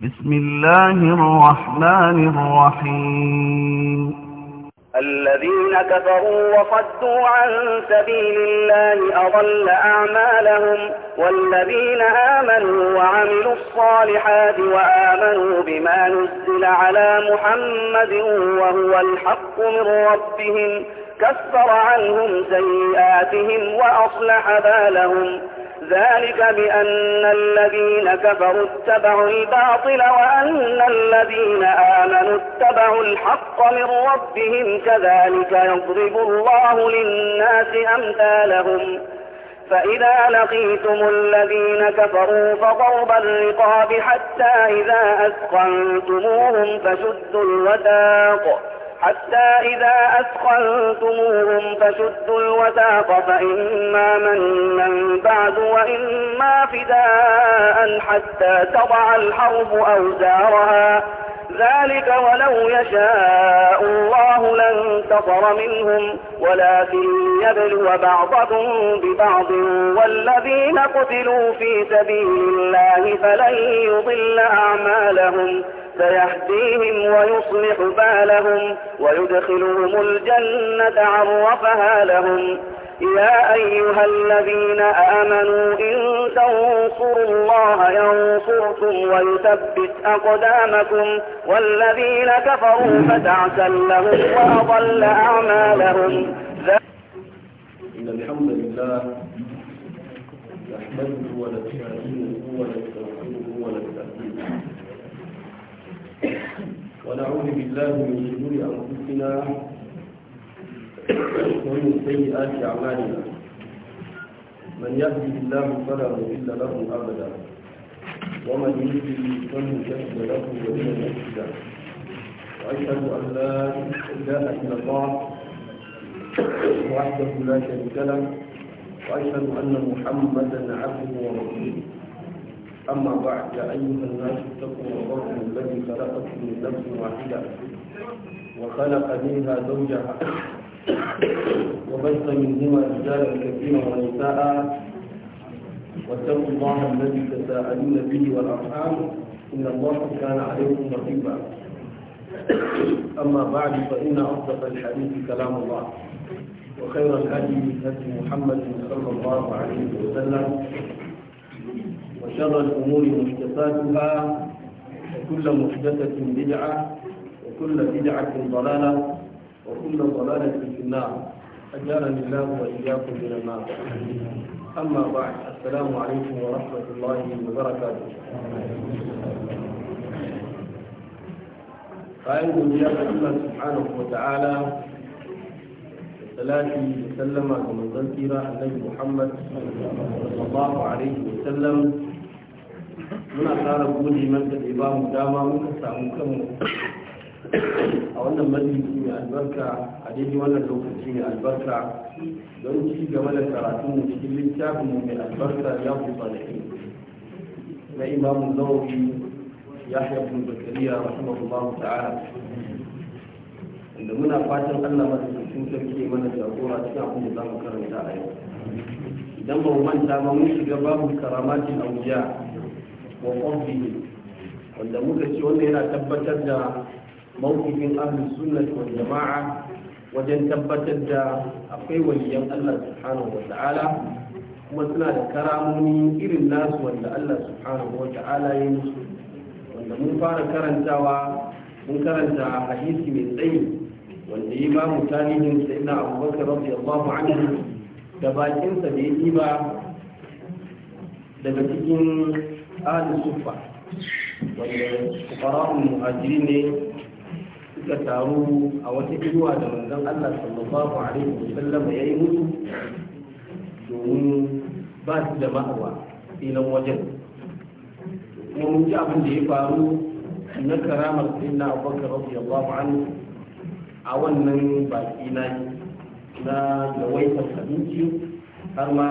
بسم الله الرحمن الرحيم الذين كفروا وصدوا عن سبيل الله أضل أعمالهم والذين آمنوا وعملوا الصالحات وآمنوا بما نزل على محمد وهو الحق من ربهم كفر عنهم سيئاتهم وأصلح بالهم ذلك بأن الذين كفروا اتبعوا الباطل وأن الذين آمنوا اتبعوا الحق من ربهم كذلك يضرب الله للناس أمثالهم فإذا لقيتم الذين كفروا فضرب الرقاب حتى إذا أثقلتموهم فشدوا الوثاق حتى إذا أثقلتموهم فشدوا الوثاق فإما من من بعد وإما فداء حتى تضع الحرب أوزارها ذلك ولو يشاء الله لانتصر منهم ولكن يبلو بعضكم ببعض والذين قتلوا في سبيل الله فلن يضل أعمالهم سيهديهم ويصلح بالهم ويدخلهم الجنة عرفها لهم يا أيها الذين آمنوا إن تنصروا الله ينصركم ويثبت أقدامكم والذين كفروا فتعسا لهم وأضل أعمالهم إن الحمد لله نحمده ونستعينه ونستغفره ونستغفره ونعوذ بالله من شرور أنفسنا ومن سيئات أعمالنا من يهده الله فلا مضل له أبدا ومن يهدي فلا تجد له وليا مرشدا وأشهد أن لا إله إلا الله وحده لا شريك له وأشهد أن محمدا عبده ورسوله أما بعد يا أيها الناس اتقوا ربكم الذي خلقكم من نفس واحدة وخلق منها زوجها وبث منهما رجالا كثيرا ونساء واتقوا الله الذي تساءلون به والأرحام إن الله كان عليكم رقيبا أما بعد فإن أصدق الحديث كلام الله وخير الهدي هدي محمد صلى الله عليه وسلم شر الأمور محدثاتها وكل محدثة بدعة وكل بدعة ضلالة وكل ضلالة في النار أجارني الله وإياكم من النار أما بعد السلام عليكم ورحمة الله وبركاته قائل بجاه الله سبحانه وتعالى salati da على ga manzon tsira annabi Muhammad sallallahu alaihi muna ƙara gode manta da ba mu dama muka samu kanmu a wannan majalisi mai albarka a daidai wannan lokaci mai albarka don ci gaba da karatun mu cikin littafin mu mai albarka ya fi tsanahi na imamu zauri yahya bin zakariya mu ta'ala da muna fatan allah madalisin sarki mana jagora cikin abin da za mu karanta a yau idan ba mu manta ba mun shiga babu karamatin Abuja. wa qawlihi wanda muka ce wanda yana tabbatar da mawqifin ahlus sunnah wa jama'a wajen tabbatar da akwai waliyan Allah subhanahu wa ta'ala kuma suna da karamomi irin nasu wanda Allah subhanahu wa ta'ala ya musu wanda mun fara karantawa mun karanta hadisi mai tsayi wanda ya ba mu tarihin sayyidina Abubakar radiyallahu anhu da bakinsa da ya ba daga cikin ahalin sufa wanda fara'un muhajiri ne suka taru a wata inuwa da manzon Allah sallallahu alaihi wasallam ya yi musu domin ba su da ma'awa filan wajen kuma mun ji abin da ya faru na karamar sayyidina Abubakar radiyallahu anhu a wannan baki na na yawaitar abinci har ma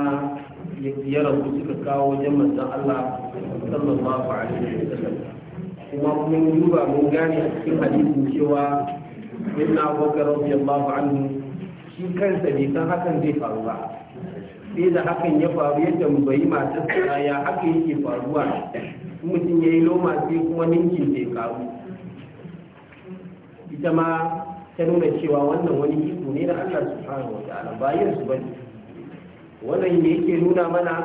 ya rabu suka kawo wajen manzon Allah sallallahu alaihi kuma mun duba mun gane a cikin hadisin cewa ibn abubakar radiyallahu anhu shi kansa ne san hakan zai faru ba sai da hakan ya faru ya tambayi matar ya haka yake faruwa mutum ya yi loma sai kuma ninkin zai karu ita ma ta nuna cewa wannan wani iko ne na Allah subhanahu wa ta'ala bayan su bane wannan ne yake nuna mana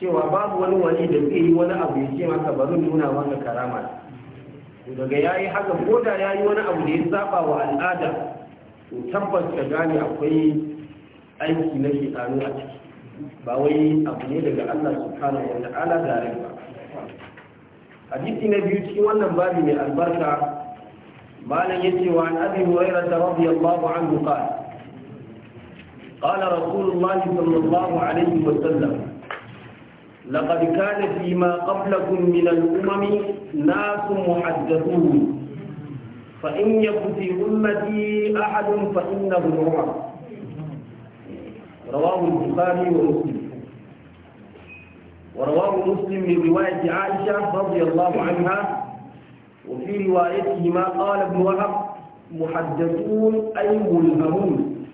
cewa babu wani wani da zai yi wani abu ya ce maka bari nuna maka karama daga ya yi haka ko da ya yi wani abu da ya saba wa al'ada to tabbas ka gane akwai aiki na shekaru a ciki ba wai abu ne daga allah subhanahu wa ta'ala da rai ba hadisi na biyu cikin wannan babi mai albarka malam yace wa an abi da radiyallahu anhu qala qala rasulullahi sallallahu alaihi الله sallam لقد كان فيما قبلكم من الأمم ناس محدثون فإن يكن في أمتي أحد فإنه عمر رواه البخاري ومسلم ورواه مسلم من رواية عائشة رضي الله عنها وفي روايتهما قال ابن وهب محدثون أي ملهمون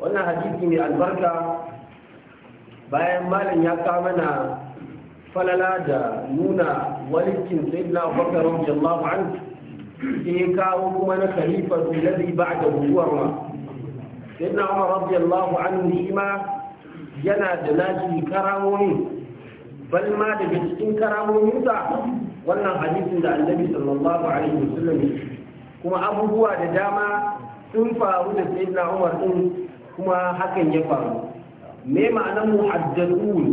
وأن حديثي من البركة bayan malam ya kawo mana falala da nuna walikin sayyidina abubakar radiyallahu anhu sai kawo kuma na khalifa alladhi ba'da huwa sayyidina umar radiyallahu anhu shi ma yana da nashi karamomi bal ma daga cikin karamominsa wannan hadisin da annabi sallallahu alaihi wasallam kuma abubuwa da dama sun faru da sayyidina umar din kuma hakan ya faru me ma'anar muhaddathun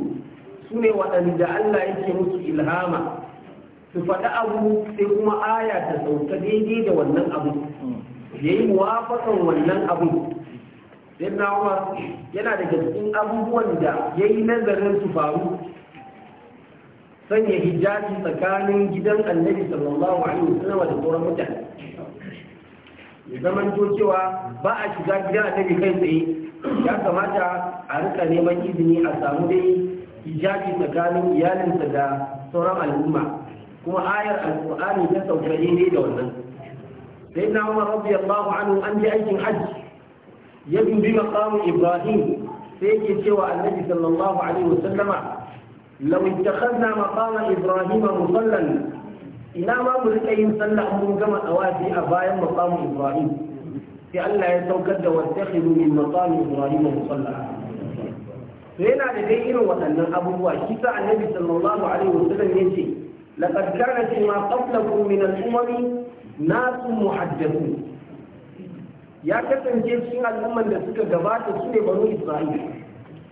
su ne waɗanda Allah yake musu ilhama su faɗi abu sai kuma aya ta sauka daidai da wannan abu ya yi muwafakan wannan abu sai na yana da cikin abubuwan da ya yi nazarin su faru sanya hijabi tsakanin gidan annabi sallallahu alaihi wasallam da sauran mutane ya zamanto ba a shiga gidan annabi kai tsaye ya kamata a rika neman izini a samu dai hijabi tsakanin iyalinsa da sauran al'umma kuma ayar alƙur'ani ta sauka ne da wannan sai na umar rabbi allahu anhu an je aikin hajji ya dubi maqamu ibrahim sai yake cewa annabi sallallahu alaihi wasallama law ittakhadna maqama ibrahim musallan ina ma mu rika yin sallah mun gama tawafi a bayan maqamu ibrahim sai Allah ya saukar da wattakhidu min maqami ibrahim musalla to yana da dai irin waɗannan abubuwa shi sa annabi sallallahu alaihi wasallam yace laqad kana fi ma qablakum min al-umam nasu muhaddathun ya kasance cikin al'umman da suka gabata su ne banu isra'il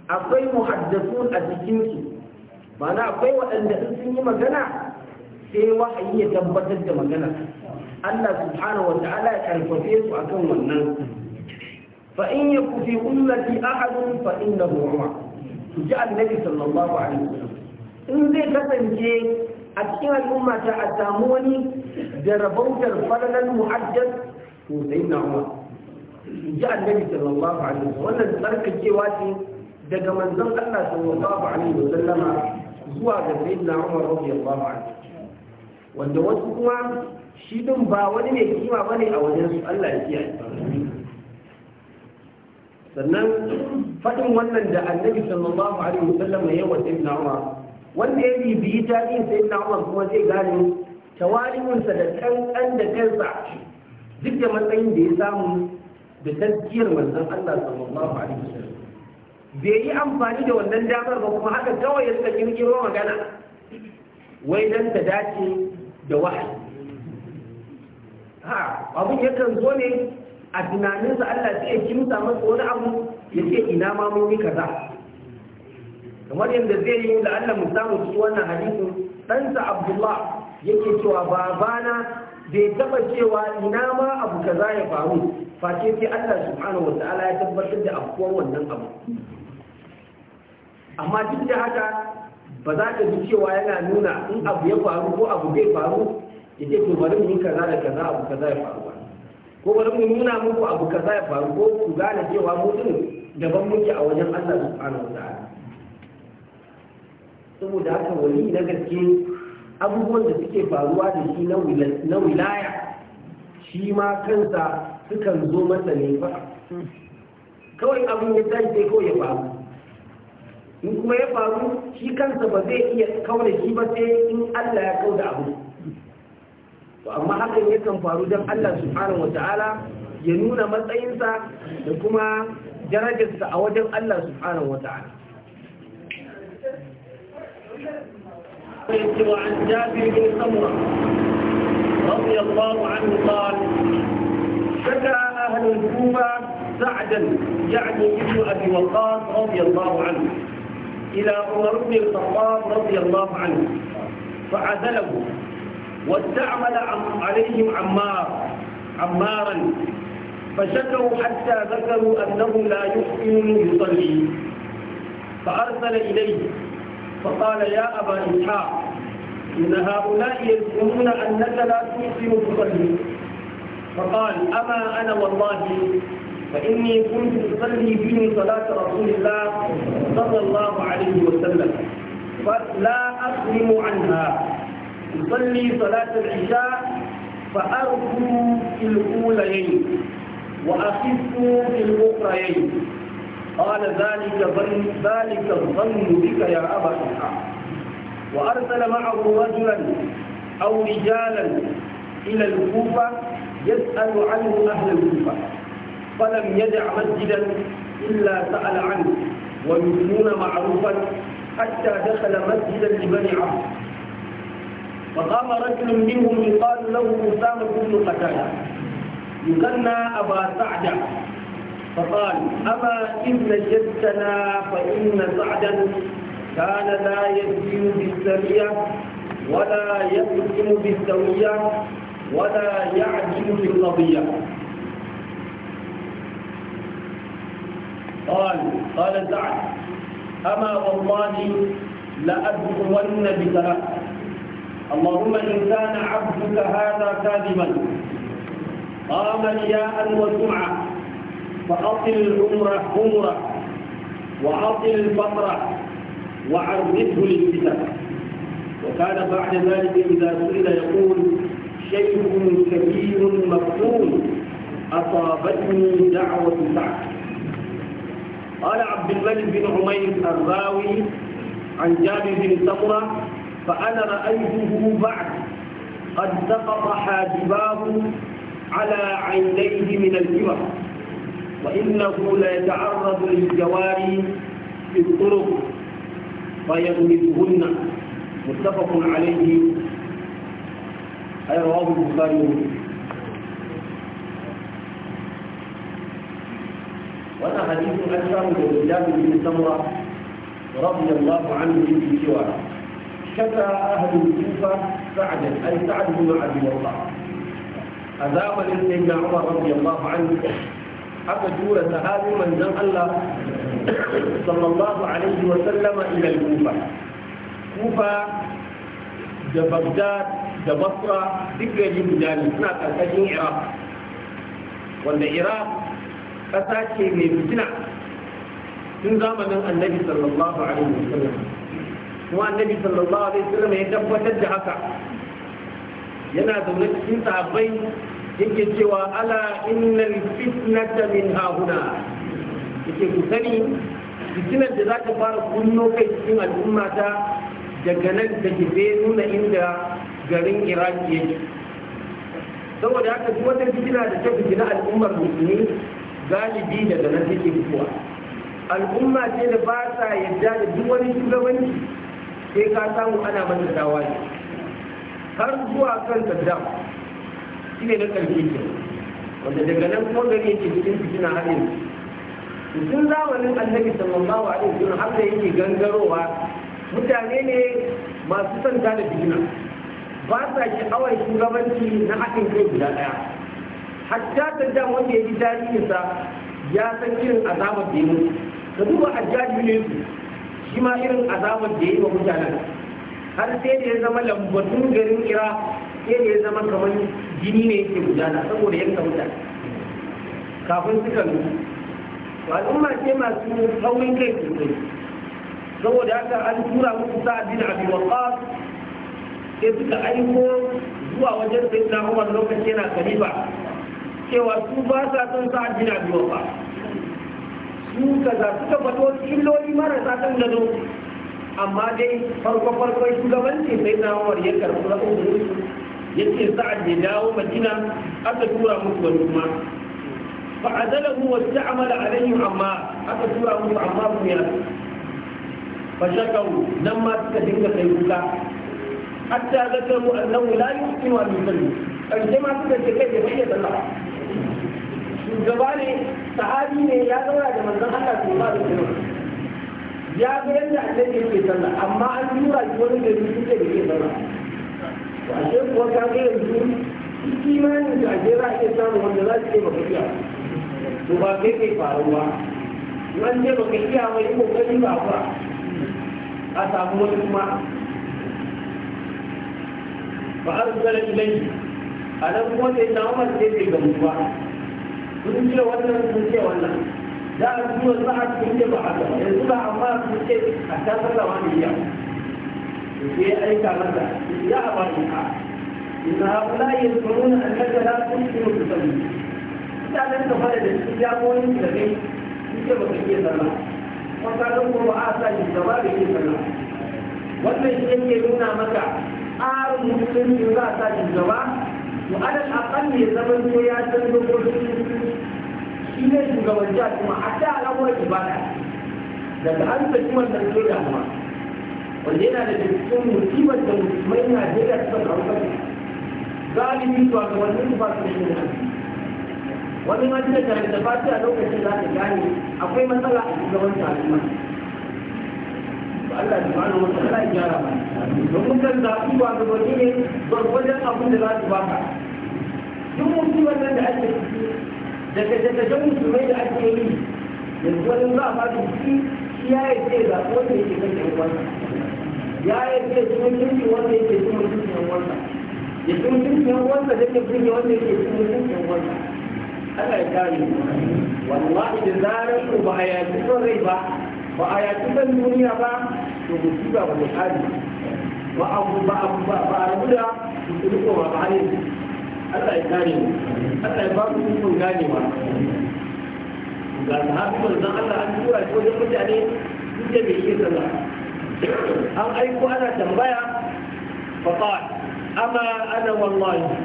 akwai muhaddathun a cikinsu ma'ana akwai waɗanda sun yi magana sai wahayi ya tabbatar da magana Allah subhanahu wa ta'ala ya karfafe su akan wannan fa in yaku fi ummati ahadun fa innahu umar ji annabi sallallahu alaihi wasallam in zai kasance a cikin al'umma ta a samu wani da rabautar falalan mu'addas to sai na umar ji annabi sallallahu alaihi wasallam wannan tsarkakewa ce daga manzon Allah sallallahu alaihi wasallama zuwa ga sayyidina umar radiyallahu anhu wanda wasu kuma shi ɗin ba wani mai kima ba ne a wajen su Allah ya kiyaye sannan faɗin wannan da annabi sallallahu alaihi wasallam ya wa sayyidina Umar wanda ya bibiyi tarihin sayyidina Umar kuma zai gane tawali'unsa da kankan da kansa duk da matsayin da ya samu da tazkiyar manzon Allah sallallahu alaihi wasallam bai yi amfani da wannan damar ba kuma haka kawai ya suka kirkiro magana wai dan ta dace da wahayi ha abun yakan zo ne a tunaninsa Allah zai ya kimsa masa wani abu ya ce ina ma mun yi kaza kamar yadda zai yi da Allah mu samu cikin wannan hadisin ɗansa Abdullah yake cewa babana bai taba cewa ina ma abu kaza ya faru face sai Allah subhanahu wata'ala ya tabbatar da afkuwar wannan abu amma duk da haka ba za ka ji cewa yana nuna in abu ya faru ko abu bai faru ya to bari mu yi kaza da kaza abu kaza ya faru ba ko bari mu nuna muku abu kaza ya faru ko ku gane cewa din daban muke a wajen Allah subhanahu wa ta'ala saboda haka wani na gaske abubuwan da suke faruwa da shi na wilaya shi ma kansa sukan zo masa ne ba kawai abin ya zai sai kawai ya faru in kuma ya faru shi kansa ba zai iya kauna shi ba sai in Allah ya kauda abu amma hakan yakan faru dan Allah subhanahu wata'ala ya nuna matsayinsa da kuma darajarsa a wajen Allah subhanahu wata'ala وعن أهل الكوفة سعدا يعني ابن أبي وقاص رضي الله عنه إلى عمر بن الخطاب رضي الله عنه فعزله واستعمل عليهم عمار عمارا فشكوا حتى ذكروا أنه لا يحسن يصلي فأرسل إليه فقال يا أبا إسحاق إن هؤلاء يزعمون أنك لا تحسن تصلي فقال أما أنا والله فإني كنت أصلي فيهم صلاة رسول الله صلى الله عليه وسلم فلا أسلم عنها يصلي صلاة العشاء فأرجو في الأوليين وأخف في الأخريين قال ذلك ظن ذلك الظن بك يا أبا إسحاق وأرسل معه رجلا أو رجالا إلى الكوفة يسأل عنه أهل الكوفة فلم يدع مسجدا إلا سأل عنه ويكون معروفا حتى دخل مسجدا لبني عبد فقام رجل منهم يقال له أسامة بن قتادة يغنى أبا سعد فقال أما إن نجدتنا فإن سعدا كان لا يدين بالسرية ولا يقسم بالسوية ولا يعجل بالقضية قال قال سعد أما والله لأدخلن بثلاث اللهم إن كان عبدك هذا كاذبا قام رياء وسمعة فأطل عمره عمره وأطل بطره وعرضه للفتن وكان بعد ذلك إذا سئل يقول شيخ كبير مفتون أصابتني دعوة سعد قال عبد الملك بن عمير الراوي عن جابر بن سمرة فأنا رأيته بعد قد سقط حاجباه على عينيه من الكبر وإنه ليتعرض للجواري في الطرق فيغلبهن متفق عليه أي رواه البخاري وأنا حديث أكثر من رجال بن سمرة رضي الله عنه في سواه كذا أهل الكوفة سعد أي سعد بن عبد الله أذاب سيدنا عمر رضي الله عنه aka jura sahabi manzon Allah sallallahu alaihi wa sallama ila kufa kufa da Baghdad da Basra duk gari guda ne suna karkashin wanda Iraq ƙasa ce mai fitina tun zamanin Annabi sallallahu alaihi wa sallam kuma annabi sallallahu alaihi wasallam ya tabbatar da haka yana zaune cikin sahabbai yake cewa ala innal fitnata min hauna yake ku sani fitinar da za ta fara kunno kai cikin al'umma ta daga nan da ke nuna inda garin iraki yake saboda haka duk wata fitina da ta fitina al'ummar musulmi galibi daga nan take fitowa al'umma ce da ba sa yadda da duk wani shugabanci sai ka samu ana mata dawa ne har zuwa kan saddam shi ne na karfi ke wanda daga nan kuma gari yake cikin fitina har yanzu tun zamanin annabi sallallahu alaihi wasallam har da yake gangarowa mutane ne masu son da fitina ba sa awai shugabanci na haɗin kai guda ɗaya hatta saddam wanda ya ji tarihinsa ya san irin azabar da ya mutu ka duba hajjaji ne su shi ma irin azabar da ya yi wa mutanen har sai da ya zama lambatun garin ira sai da ya zama kamar jini ne yake gudana saboda yanka mutane kafin su nuna to al'umma ce masu saurin kai sosai saboda haka an tura musu sa'ad bin abi waqas sai suka aiko zuwa wajen na Umar lokaci yana kalifa cewa su ba sa son sa'ad bin abi waqas su kaza suka fato illoli mara din da zuwa amma dai farko farko shugabanci sai na wawar ya karɓi na umarin ya ce sa'ad ya dawo madina aka tura musu wani kuma فعزله a عليهم amma aka tura musu amma ku ya fashakau nan ma suka dinga kai kuka hatta wula yi su kinwa mai yusalli ƙarshe ma suka ce kai da ya sallah shugaba ne sahabi ne ya zauna da manzon Allah ba da wasallam ya ga yadda a annabi yake sallah amma an tura shi wani da gari shi da yake sallah to ashe kuwa ka ga yanzu imanin da ake za a iya samu wanda za su ke baka iya to ba kai kai faruwa wanda baka iya mai yi kokari ba ba a samu wani kuma ba a da ilai a nan kuma sai na umar ke kai gamuwa sun ce wannan sun ce wannan za a ciwo za a cikin ba da yanzu ba amma su ce a ta sallawa ne yau sai aika masa ya a ba ni a ina haula ya tsoro na annaka la tusiru bi salli mutanen da fara da su jagoyin da kai su ce ba su iya sallah mutanen ko ba a sa shi gaba da ke sallah wannan shi yake nuna maka tsarin musulunci za a sa shi gaba to alal aqalli ya zama ya san dokokin shi shugabanci a kuma a ta al'amuran ibada daga an saki wannan ke damuwa wanda yana da cikin musibar da musulmai najeriya suka kawo galibi zuwa ga wannan ba su shi ne wani ma da karanta fati a lokacin za ta gane akwai matsala a shugabancin al'umma Allah subhanahu wa ta'ala ya gyara ba domin kan zaɓi ba ga wani ne gwargwajen abin da za su baka duk musulman da ake ciki da daga musulmai da ake yi yanzu wani za a ba shi shi ya yi ce ga wanda yake kan yan ya yi ce su mutunci wanda yake su mutunci yan ya su mutunci yan da ke fi wanda yake su mutunci yan wanda Allah ya wallahi da zarar ku ba a yaki son rai ba ba a yaki son duniya ba to musiba ba ta kare ba a ba a rabu musulmi ko ba a yanzu Allah ya kare mu Allah ya ba mu ikon ganewa ga sahabi manzon Allah an tura shi wajen mutane duk da bai yi sallah an aiko ana tambaya fa qala ama ana wallahi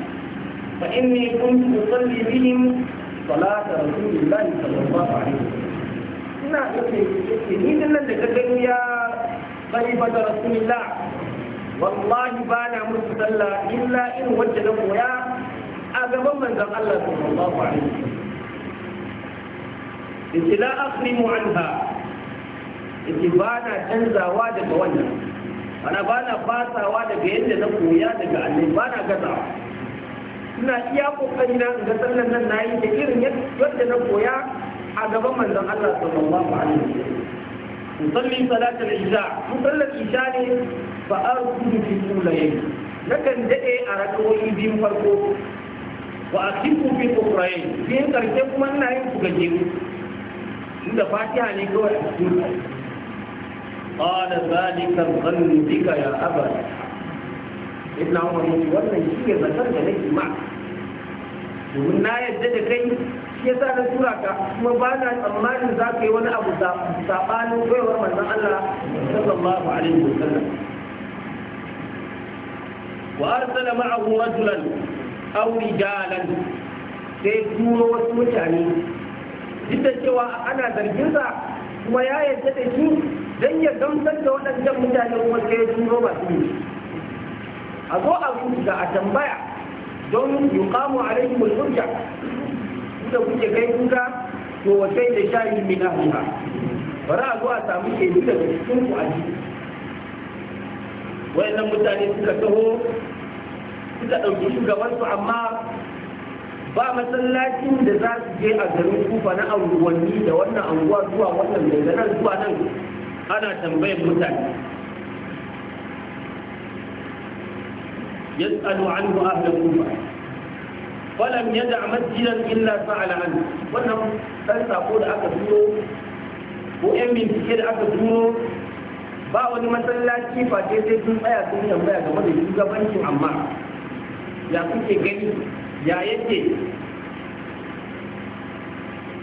fa inni kuntu usalli bihim salata rasulillahi sallallahu alaihi wasallam ina kace ni din nan da ka gani ya bari fa rasulillah wallahi ba na musu sallah illa in wacce na koya a gaban manzon Allah sallallahu alaihi wasallam yace la akhrimu anha yace ba na canzawa daga wannan ana ba na fasawa daga yadda na koya daga annabi ba na gazawa ina iya kokari na ga sallan nan nayi da irin yadda na koya a gaban manzon Allah sallallahu alaihi wasallam musalli salat al-isha musallar isha ne fa arkudu fi ulayi nakan dade a rakawoyi biyu farko wa akiku bi ukrain sai karshe kuma ina yin kuka gaje mu inda fatiha ne kawai a cikin qala zalika dhannu dika ya aba ina wani wannan shi ne zakar da nake ma domin na yadda da kai shi sa na tura ka kuma ba na tsammanin za ka yi wani abu saɓanin koyarwar manzon Allah sallallahu alaihi wasallam wa arsala ma'ahu rajulan auri dalan sai turo wasu mutane duk da cewa ana zarginsa kuma ya yarda da shi don ya gamsar da waɗancan mutane kuma sai turo masu su a zo a da a tambaya don yuqamu alaihim al-hujja da kuke kai kuka to wasai da shayi na ahliha bari a zo a samu duka daga cikin ku a ji wayannan mutane suka taho suka ɗauki shugabansu amma ba masallacin da za su je a garin kufa na anguwanni da wannan anguwa zuwa wannan daga zuwa nan ana tambayar mutane ya يسأل عنه أهل الكوفة فلم يدع مسجدا إلا فعل عنه wannan ɗan sako da aka turo ko ‘yan bincike da aka turo ba wani masallaci face sai sun tsaya sun tambaya game da shugabancin amma ya kuke gani ya yake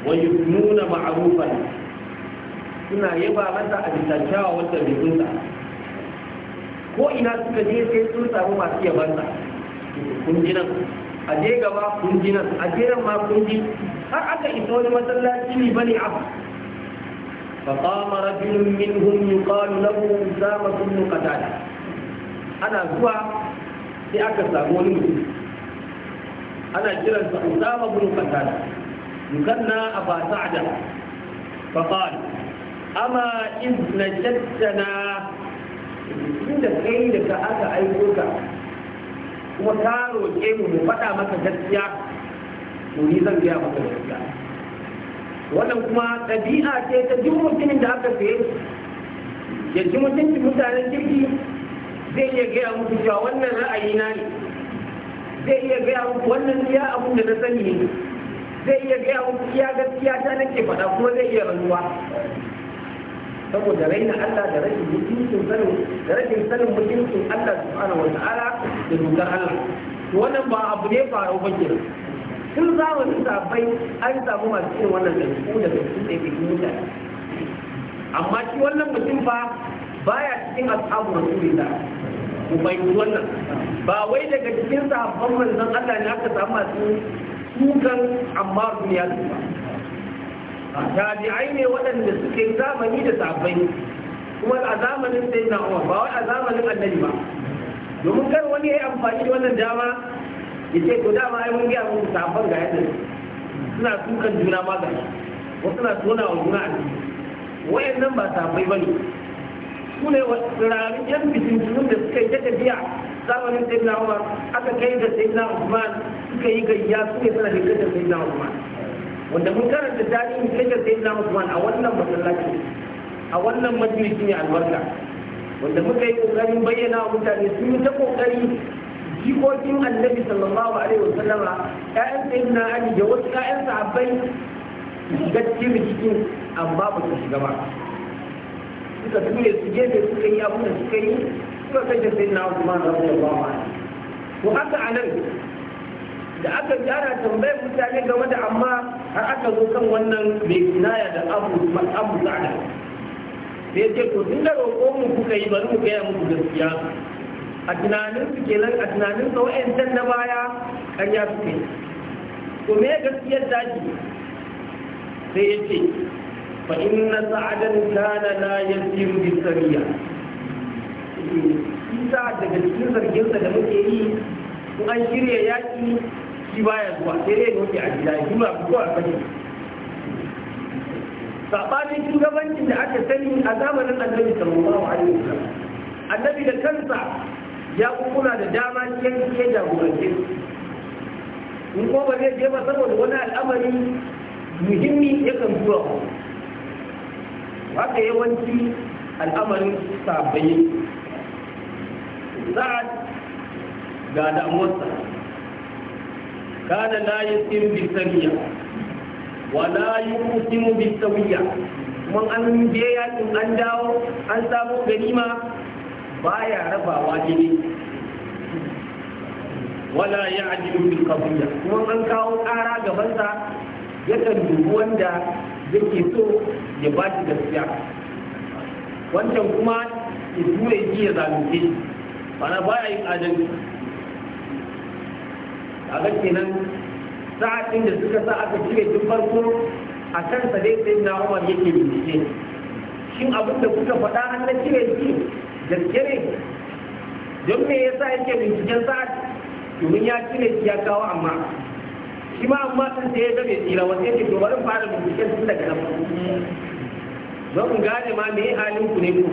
wa nuna ma'arufa suna yaba masa a bisa kyawawan ɗabi'unsa ko ina suka je sai sun samu masu yabansa sa. kunjinan nan a je gaba kunjinan nan a je ma kunji. har aka isa wani masallaci ne bane abu فقام رجل منهم يقال له أسامة بن قتادة أنا زوا sai aka samu wani mutum ana kiransa Usama bin Qatada yukanna Aba Sa'da fa qala amma in najattana inda kai da ka aka aiko ka kuma ka roƙe mu mu faɗa maka gaskiya to ni zan gaya maka gaskiya wannan kuma ɗabi'a ce ta duk mutumin da aka fiye ya ji mutuncin mutanen kirki muku cewa wannan ra'ayi na ne zai iya gaya muku wannan iya abun da na sani ne zai iya gaya muku iya gaskiya ta nake faɗa kuma zai iya rantsuwa saboda raina Allah da rashin mutuncin sanin da rashin sanin mutuncin Allah subhanahu wa ta'ala da dokar Allah to wannan ba abu ne faru ba kenan tun zamanin sabai an samu masu irin wannan ɗabi'u da ɗabi'u da ɗabi'u mutane amma shi wannan mutum fa baya cikin ashabu rasulillah kuma wannan ba wai daga cikin sahabban manzon Allah ne aka samu masu kukan amma duniya su ba tabi'ai ne waɗanda suke zamani da sahabbai kuma a zamanin sai na umar ba wai a zamanin annabi ba domin kar wani ya yi amfani da wannan dama ya ce to dama ai mun gaya muku sahabban ga yadda suna sukan juna ma ga wasu na tona wa juna a ciki wayannan ba sahabbai ba ne su ne wa tsirarin yan bisinjinun da suka yi ta tafiya zamanin sai na umar aka kai da sai na umar suka yi gayya su ne suna da da sai na umar wanda mun karanta tarihin kai da sai na umar a wannan masallaci a wannan majalisi ne albarka wanda muka yi kokarin bayyana wa mutane sun yi ta kokari jikokin annabi sallallahu alaihi wa sallama ƴaƴan na ali da wasu ƴaƴan sahabbai shiga cikin amma ba su shiga ba suka fi ture su gefe suka yi abin da suka yi suka kai da sai na Usman radiyallahu anhu to haka a nan da aka ji tambayar mutane game da amma har aka zo kan wannan mai kinaya da abu abu sa'ada sai ce ko tun da roƙo mu kuka yi bari mu gaya muku gaskiya a tunanin su kenan a tunanin sa can na baya ƙarya kai to me gaskiyar daji sai ya ce فإن سعدا كان لا يسير بالسرية sa'ad daga cikin zarginsa da muke yi in an shirya yaƙi shi baya zuwa sai dai muke a gida shi ba fito a fashe saɓanin shugabancin da aka sani a zamanin annabi sallallahu alaihi annabi da kansa ya kukuna da dama cikin ke jagorance in ko ba zai saboda wani al'amari muhimmi yakan zuwa haka yawanci al'amarin sabayi a ga damuwarsa kada na yi bi bisariya wa na yi bi bisariya Kuma an je yakin an dawo an samu ganima baya rabawa jini wala ya'dilu bil qadiyya kuma an kawo kara gabansa yakan dubu wanda yake so ya ba shi gaskiya wancan kuma ya tura shi ya zalunce shi mana ba ya yin adalci a ga kenan sa'adin da suka sa aka cire duk farko a kan sa dai sai na umar yake bincike shin abin da kuka faɗa an na cire shi gaske ne don me yasa yake binciken sa'ad domin ya cire shi ya kawo amma shi ma amma sun sai ya ga tsira wasu yake to bari fara binciken tun daga nan don gane ma me halin ku ne ku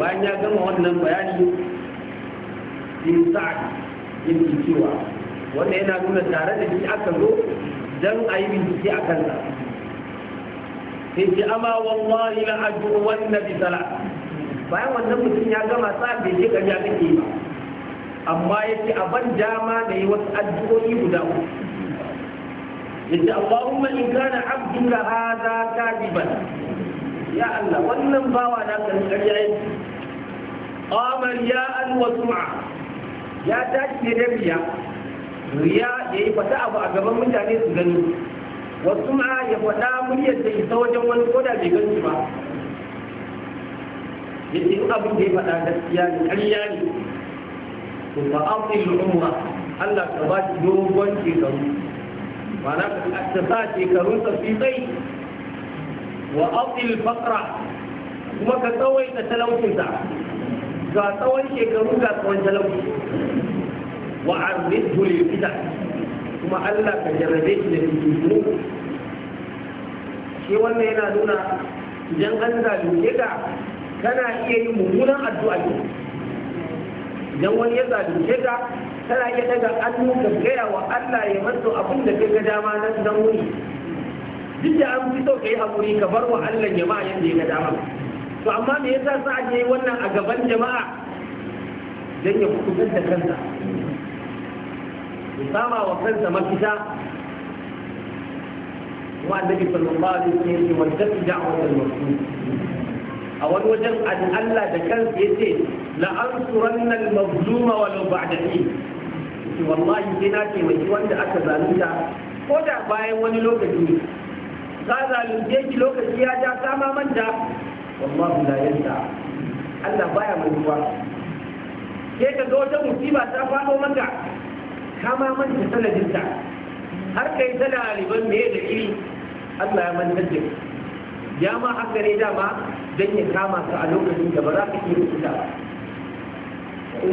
bayan ya gama wannan bayani bin sa'ad yin cewa wanda yana nuna tare da shi aka zo don a yi bincike a kansa sai amma wallahi la ajru wanna bi sala bayan wannan mutum ya gama sa bai je gari a ke ba amma yake a ban dama da yi wasu addu'o'i guda uku yadda Allahumma in kana abduka hadha kadiban ya Allah wannan bawa na kan ƙarya yake qamar ya an wasu sum'a ya tashi da riya riya yi fata abu a gaban mutane su gani wasu sum'a ya faɗa muryar da isa wajen wani koda bai gani ba yace in abin da ya faɗa gaskiya ne ƙarya ne to fa amil umma Allah ka ba shi dogon shekaru معناه الأساسات يكرون تصديقي وأطي الفقرة وما كتوي تتلوش انت كتوي talauci wa تلوش وعرضه للفتح kuma Allah ka jarrabe shi da fitintunu shi wannan yana nuna idan an zalunce ka kana iya yin mummunan addu'a ne idan wani ya zalunce ka tana iya daga hannu ka gaya wa Allah ya masu abin da kai ga dama nan dan wuri duk da an fi so ka yi haƙuri ka bar wa Allah ya yadda yanda ya ga dama to amma me yasa sa ake yi wannan a gaban jama'a dan ya kubutar da kansa ya sama wa kansa mafita kuma annabi sallallahu alaihi wasallam ya ce wadda da'watul maslum a wani wajen an Allah da kansa ya ce la'ansuranna al-mazluma walau ba'da ni. ce wallahi sai na mai wanda aka zalunta ko da bayan wani lokaci ne. Za zalunce ki lokaci ya ja sama manta wallahu la yanta Allah baya mantuwa sai ka ga wata musiba ta faɗo maka kama manta sanadinta har kai ta ɗaliban me da iri Allah ya manta da ya ma haka ne dama don ya kama ka a lokacin da ba za ka iya kuta ba